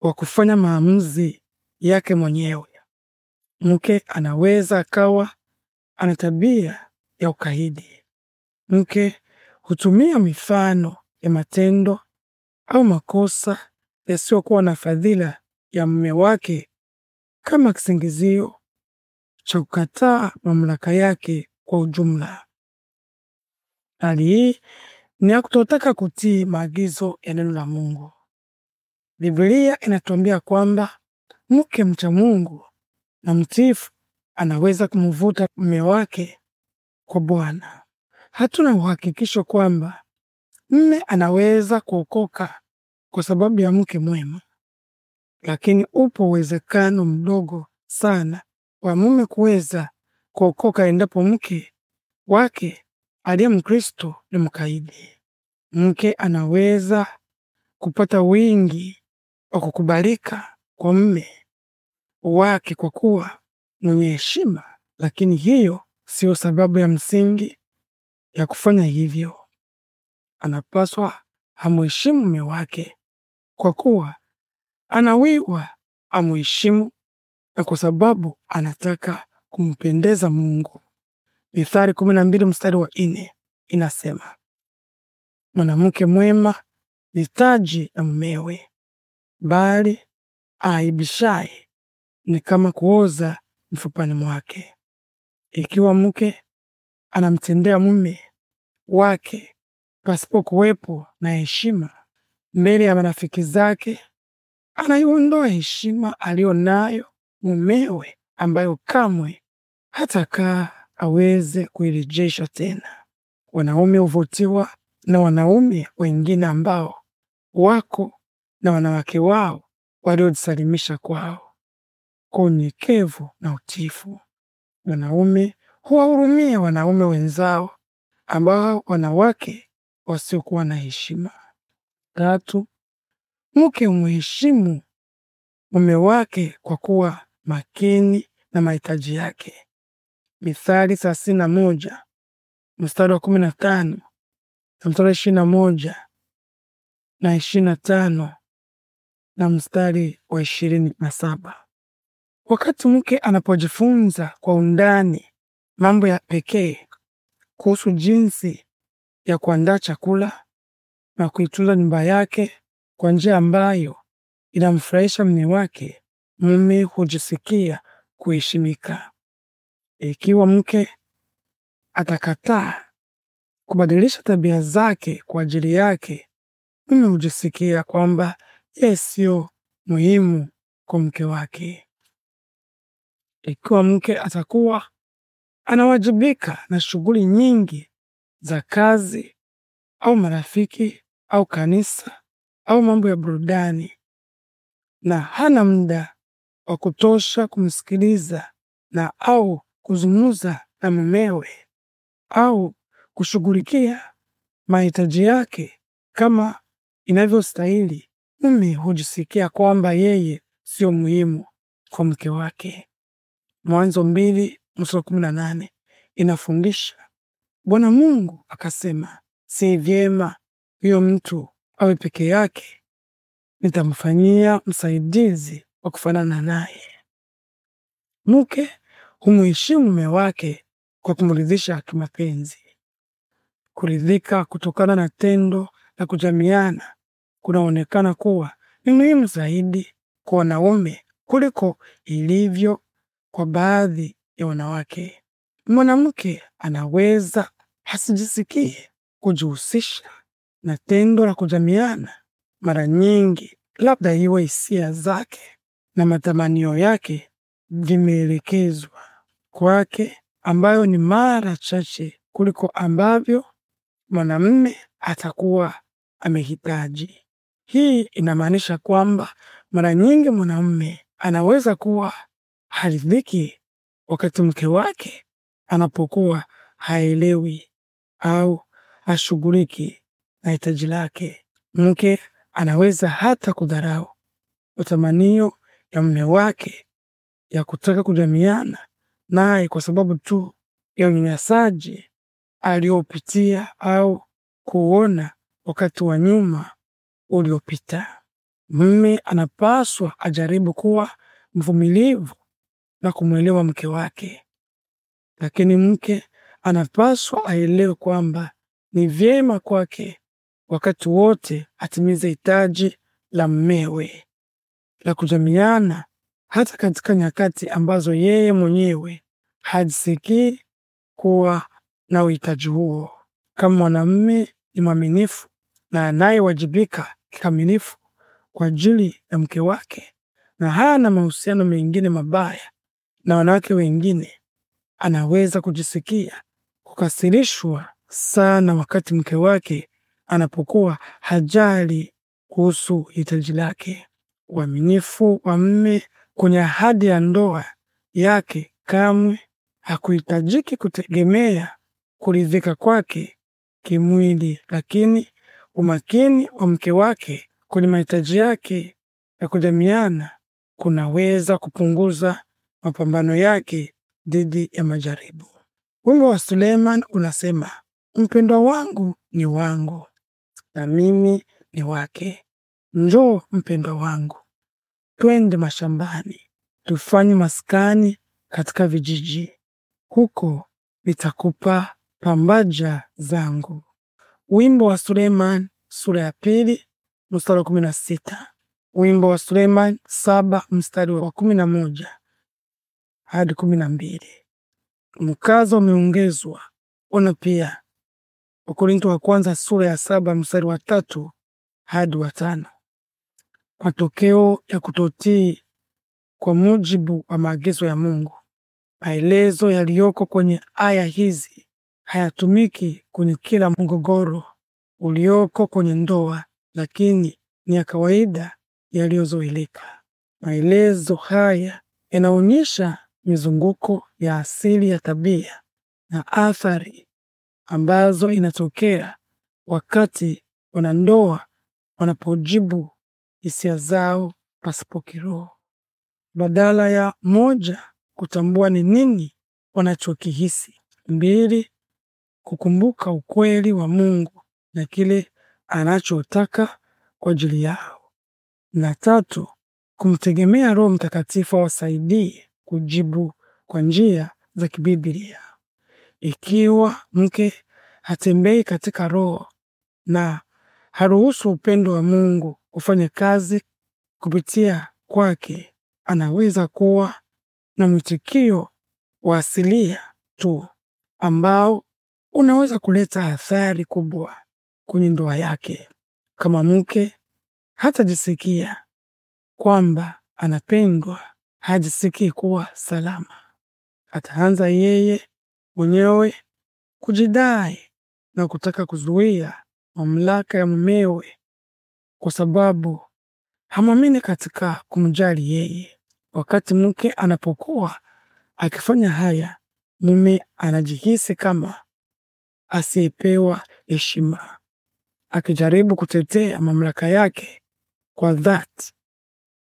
A: wa kufanya maamuzi yake mwenyewe. Mke anaweza akawa ana tabia ya ukaidi. Mke hutumia mifano ya matendo au makosa yasiyokuwa na fadhila ya mume wake kama kisingizio cha kukataa mamlaka yake kwa ujumla hali hii ni ya kutotaka kutii maagizo ya neno la Mungu. Biblia inatuambia kwamba mke mcha Mungu na mtiifu anaweza kumvuta mume wake kwa Bwana. Hatuna uhakikisho kwamba mme anaweza kuokoka kwa sababu ya mke mwema, lakini upo uwezekano mdogo sana wa mume kuweza kuokoka endapo mke wake aliye Mkristo ni mkaidi, mke anaweza kupata wingi wa kukubalika kwa mme wake kwa kuwa mwenye heshima, lakini hiyo siyo sababu ya msingi ya kufanya hivyo. Anapaswa amheshimu mme wake kwa kuwa anawiwa amheshimu na kwa sababu anataka kumpendeza Mungu. Mithali kumi na mbili mstari wa nne inasema, mwanamke mwema ni taji ya mumewe, bali aibishaye ni kama kuoza mfupani mwake. Ikiwa mke anamtendea mume wake pasipo kuwepo na heshima mbele ya marafiki zake, anaiondoa heshima aliyo nayo mumewe, ambayo kamwe hatakaa aweze kuirejesha tena. Wanaume huvutiwa na wanaume wengine ambao wako na wanawake wao waliojisalimisha kwao kwa unyenyekevu na utiifu. Wanaume huwahurumia wanaume wenzao ambao wanawake wasiokuwa na heshima. Tatu, mke humheshimu mume wake kwa kuwa makini na mahitaji yake Mithali thelathini moja mstari wa kumi na tano na mstari wa ishirini na moja na ishirini tano na mstari wa ishirini na saba. Wakati mke anapojifunza kwa undani mambo ya pekee kuhusu jinsi ya kuandaa chakula na kuitunza nyumba yake kwa njia ambayo inamfurahisha mume wake, mume hujisikia kuheshimika. Ikiwa mke atakataa kubadilisha tabia zake kwa ajili yake, mume hujisikia kwamba yeye sio muhimu kwa mke wake. Ikiwa mke atakuwa anawajibika na shughuli nyingi za kazi au marafiki au kanisa au mambo ya burudani na hana muda wa kutosha kumsikiliza na au kuzungumza na mumewe au kushughulikia mahitaji yake kama inavyostahili, mume hujisikia kwamba yeye sio muhimu kwa mke wake. Mwanzo mbili mstari kumi na nane inafundisha Bwana Mungu akasema, si vyema huyo mtu awe peke yake, nitamfanyia msaidizi wa kufanana naye. Mke humheshimu mume wake kwa kumridhisha kimapenzi. Kuridhika kutokana na tendo la kujamiana kunaonekana kuwa ni muhimu zaidi kwa wanaume kuliko ilivyo kwa baadhi ya wanawake. Mwanamke anaweza hasijisikie kujihusisha na tendo la kujamiana mara nyingi, labda iwe hisia zake na matamanio yake vimeelekezwa kwake ambayo ni mara chache kuliko ambavyo mwanamume atakuwa amehitaji. Hii inamaanisha kwamba mara nyingi mwanamume anaweza kuwa haridhiki wakati mke wake anapokuwa haelewi au hashughuliki na hitaji lake. Mke anaweza hata kudharau matamanio ya mume wake ya kutaka kujamiana naye kwa sababu tu ya unyanyasaji aliopitia au kuona wakati wa nyuma uliopita. Mume anapaswa ajaribu kuwa mvumilivu na kumwelewa mke wake, lakini mke anapaswa aelewe kwamba ni vyema kwake wakati wote atimize hitaji la mmewe la kujamiana hata katika nyakati ambazo yeye mwenyewe hajisikii kuwa na uhitaji huo. Kama mwanamume ni mwaminifu na anayewajibika kikamilifu kwa ajili ya mke wake na hana mahusiano mengine mabaya na wanawake wengine, anaweza kujisikia kukasirishwa sana wakati mke wake anapokuwa hajali kuhusu hitaji lake. Uaminifu wa mme kwenye ahadi ya ndoa yake kamwe hakuhitajiki kutegemea kuridhika kwake kimwili, lakini umakini wa mke wake kwenye mahitaji yake ya kujamiana kunaweza kupunguza mapambano yake dhidi ya majaribu. Wimbo wa Suleiman unasema, mpendwa wangu ni wangu na mimi ni wake, njoo mpendwa wangu twende mashambani, tufanye maskani katika vijiji, huko nitakupa pambaja zangu. Wimbo wa Suleiman sura ya pili mstari wa kumi na sita. Wimbo wa Suleiman saba mstari wa kumi na moja hadi kumi na mbili. Mkazo umeongezwa ona pia Wakorintho wa kwanza sura ya saba mstari wa tatu hadi wa tano matokeo ya kutotii kwa mujibu wa maagizo ya Mungu. Maelezo yaliyoko kwenye aya hizi hayatumiki kwenye kila mgogoro ulioko kwenye ndoa, lakini ni ya kawaida yaliyozoeleka. Maelezo haya yanaonyesha mizunguko ya asili ya tabia na athari ambazo inatokea wakati wanandoa wanapojibu hisia zao pasipo kiroho, badala ya moja, kutambua ni nini wanachokihisi; mbili, kukumbuka ukweli wa Mungu na kile anachotaka kwa ajili yao; na tatu, kumtegemea Roho Mtakatifu awasaidie kujibu kwa njia za kibiblia. Ikiwa mke hatembei katika Roho na haruhusu upendo wa Mungu kufanya kazi kupitia kwake, anaweza kuwa na mwitikio wa asilia tu ambao unaweza kuleta athari kubwa kwenye ndoa yake. Kama mke hatajisikia kwamba anapendwa, hajisikii kuwa salama, ataanza yeye mwenyewe kujidai na kutaka kuzuia mamlaka ya mumewe kwa sababu hamwamini katika kumjali yeye. Wakati mke anapokuwa akifanya haya, mume anajihisi kama asiyepewa heshima, akijaribu kutetea mamlaka yake kwa dhati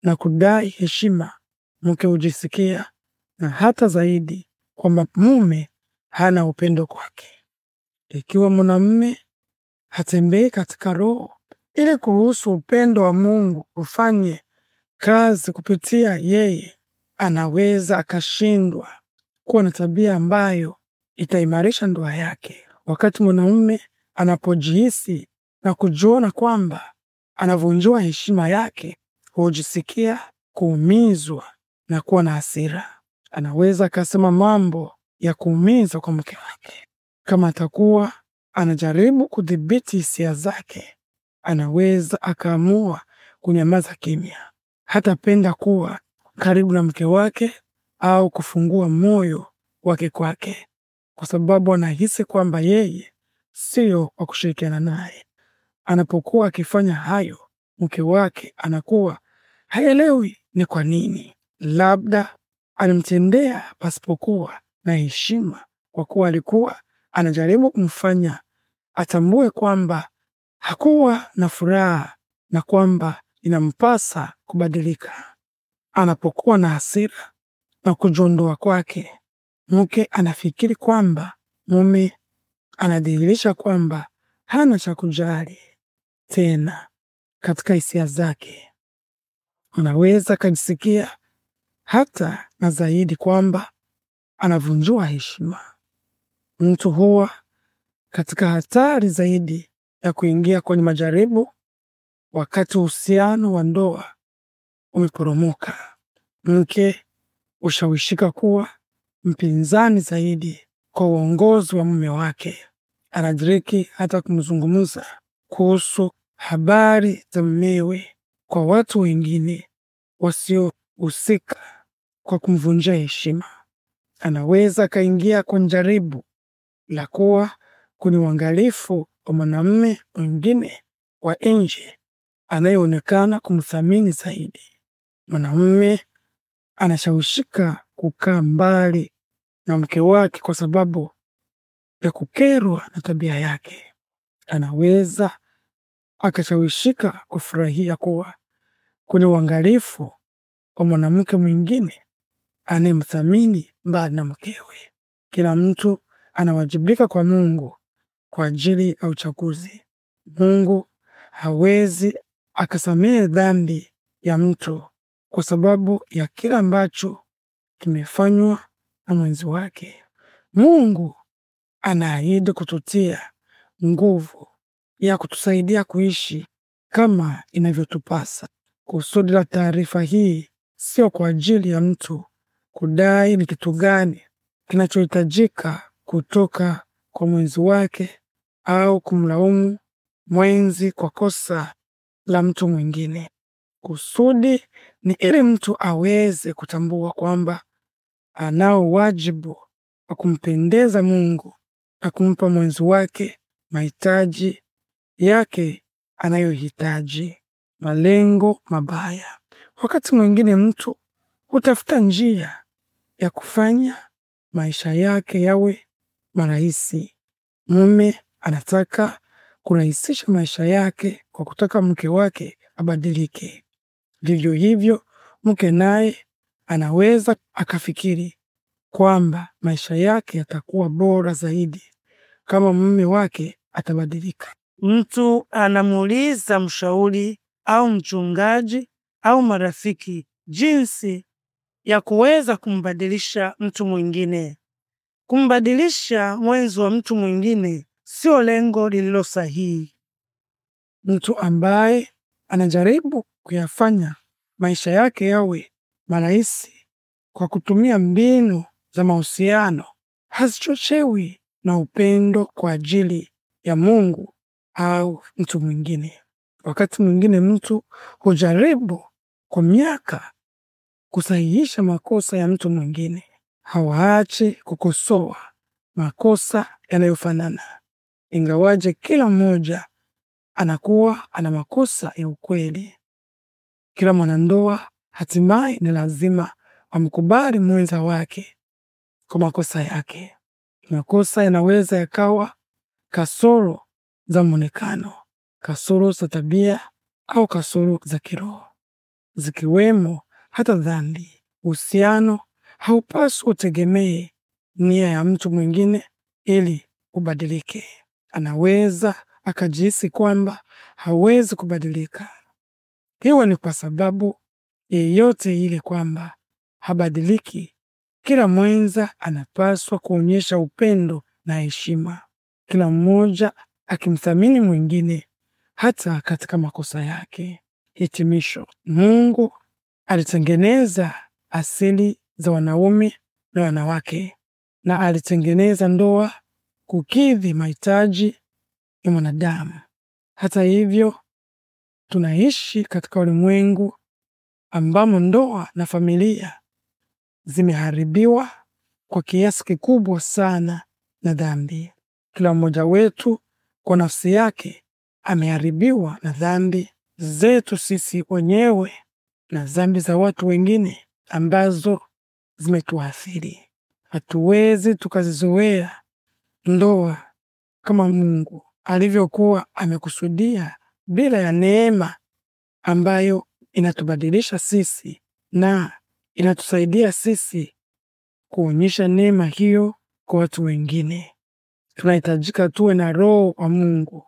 A: na kudai heshima. Mke hujisikia na hata zaidi kwamba mume hana upendo kwake. Ikiwa mwanamume hatembei katika roho ili kuruhusu upendo wa Mungu ufanye kazi kupitia yeye, anaweza akashindwa kuwa na tabia ambayo itaimarisha ndoa yake. Wakati mwanamume anapojihisi na kujiona kwamba anavunjwa heshima yake, hujisikia kuumizwa na kuwa na hasira. Anaweza akasema mambo ya kuumiza kwa mke wake. Kama atakuwa anajaribu kudhibiti hisia zake, anaweza akaamua kunyamaza kimya, hatapenda kuwa karibu na mke wake au kufungua moyo wake kwake, kwa sababu anahisi kwamba yeye siyo wa kushirikiana naye. Anapokuwa akifanya hayo, mke wake anakuwa haelewi ni kwa nini, labda alimtendea pasipokuwa na heshima, kwa kuwa alikuwa anajaribu kumfanya atambue kwamba hakuwa na furaha na kwamba inampasa kubadilika. Anapokuwa na hasira na kujiondoa kwake, mke anafikiri kwamba mume anadhihirisha kwamba hana cha kujali tena katika hisia zake. Anaweza kajisikia hata na zaidi kwamba anavunjua heshima. Mtu huwa katika hatari zaidi ya kuingia kwenye majaribu wakati uhusiano wa ndoa umeporomoka. Mke ushawishika kuwa mpinzani zaidi kwa uongozi wa mume wake, anadiriki hata kumzungumza kuhusu habari za mmewe kwa watu wengine wasiohusika kwa kumvunjia heshima. Anaweza akaingia kwenye jaribu la kuwa kuni uangalifu mwanamume mwingine wa nje anayeonekana kumthamini zaidi. Mwanamume anashawishika kukaa mbali na mke wake kwa sababu ya kukerwa na tabia yake. Anaweza akashawishika kufurahia kuwa kuna uangalifu kwa mwanamke mwingine anayemthamini mbali na mkewe. Kila mtu anawajibika kwa Mungu kwa ajili ya uchaguzi. Mungu hawezi akasamehe dhambi ya mtu kwa sababu ya kila ambacho kimefanywa na mwenzi wake. Mungu anaahidi kututia nguvu ya kutusaidia kuishi kama inavyotupasa. Kusudi la taarifa hii sio kwa ajili ya mtu kudai ni kitu gani kinachohitajika kutoka kwa mwenzi wake au kumlaumu mwenzi kwa kosa la mtu mwingine. Kusudi ni ili mtu aweze kutambua kwamba anao wajibu wa kumpendeza Mungu na kumpa mwenzi wake mahitaji yake anayohitaji. Malengo mabaya. Wakati mwingine mtu hutafuta njia ya kufanya maisha yake yawe marahisi. Mume anataka kurahisisha maisha yake kwa kutaka mke wake abadilike. Vivyo hivyo, mke naye anaweza akafikiri kwamba maisha yake yatakuwa bora zaidi kama mume wake atabadilika. Mtu anamuuliza mshauri au mchungaji au marafiki jinsi ya kuweza kumbadilisha mtu mwingine. Kumbadilisha mwenzi wa mtu mwingine sio lengo lililo sahihi. Mtu ambaye anajaribu kuyafanya maisha yake yawe marahisi kwa kutumia mbinu za mahusiano hazichochewi na upendo kwa ajili ya Mungu au mtu mwingine. Wakati mwingine mtu hujaribu kwa miaka kusahihisha makosa ya mtu mwingine, hawaache kukosoa makosa yanayofanana ingawaje kila mmoja anakuwa ana makosa ya ukweli. Kila mwanandoa hatimaye ni lazima amkubali mwenza wake kwa makosa yake. Makosa yanaweza yakawa kasoro za mwonekano, kasoro za tabia au kasoro za kiroho, zikiwemo hata dhambi. Uhusiano haupaswi utegemee nia ya mtu mwingine ili ubadilike anaweza akajihisi kwamba hawezi kubadilika. Hiyo ni kwa sababu yeyote ile kwamba habadiliki. Kila mwenza anapaswa kuonyesha upendo na heshima, kila mmoja akimthamini mwingine hata katika makosa yake. Hitimisho: Mungu alitengeneza asili za wanaume na wanawake na alitengeneza ndoa kukidhi mahitaji ya mwanadamu. Hata hivyo, tunaishi katika ulimwengu ambamo ndoa na familia zimeharibiwa kwa kiasi kikubwa sana na dhambi. Kila mmoja wetu kwa nafsi yake ameharibiwa na dhambi zetu sisi wenyewe na dhambi za watu wengine ambazo zimetuathiri. Hatuwezi tukazizoea ndoa kama Mungu alivyokuwa amekusudia bila ya neema ambayo inatubadilisha sisi na inatusaidia sisi kuonyesha neema hiyo kwa watu wengine. Tunahitajika tuwe na Roho wa Mungu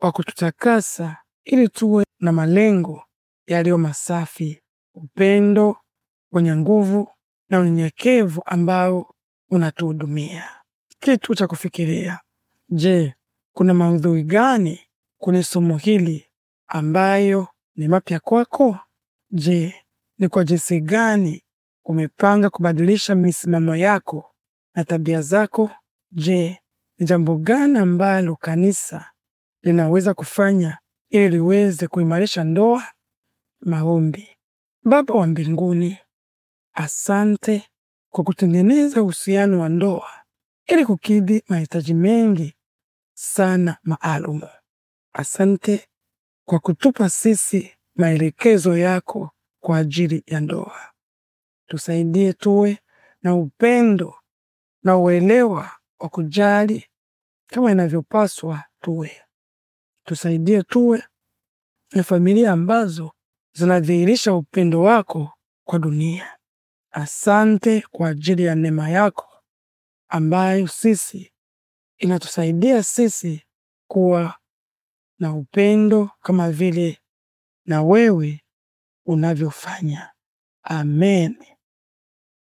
A: wa kututakasa ili tuwe na malengo yaliyo masafi, upendo wenye nguvu na unyenyekevu ambao unatuhudumia kitu cha kufikiria. Je, kuna maudhui gani kwenye somo hili ambayo ni mapya kwako? Je, ni kwa jinsi gani umepanga kubadilisha misimamo yako na tabia zako? Je, ni jambo gani ambalo kanisa linaweza kufanya ili liweze kuimarisha ndoa? Maombi. Baba wa mbinguni, asante kwa kutengeneza uhusiano wa ndoa ili kukidhi mahitaji mengi sana maalum. Asante kwa kutupa sisi maelekezo yako kwa ajili ya ndoa. Tusaidie tuwe na upendo na uelewa wa kujali kama inavyopaswa tuwe. Tusaidie tuwe na familia ambazo zinadhihirisha upendo wako kwa dunia. Asante kwa ajili ya neema yako ambayo sisi inatusaidia sisi kuwa na upendo kama vile na wewe unavyofanya. Amen.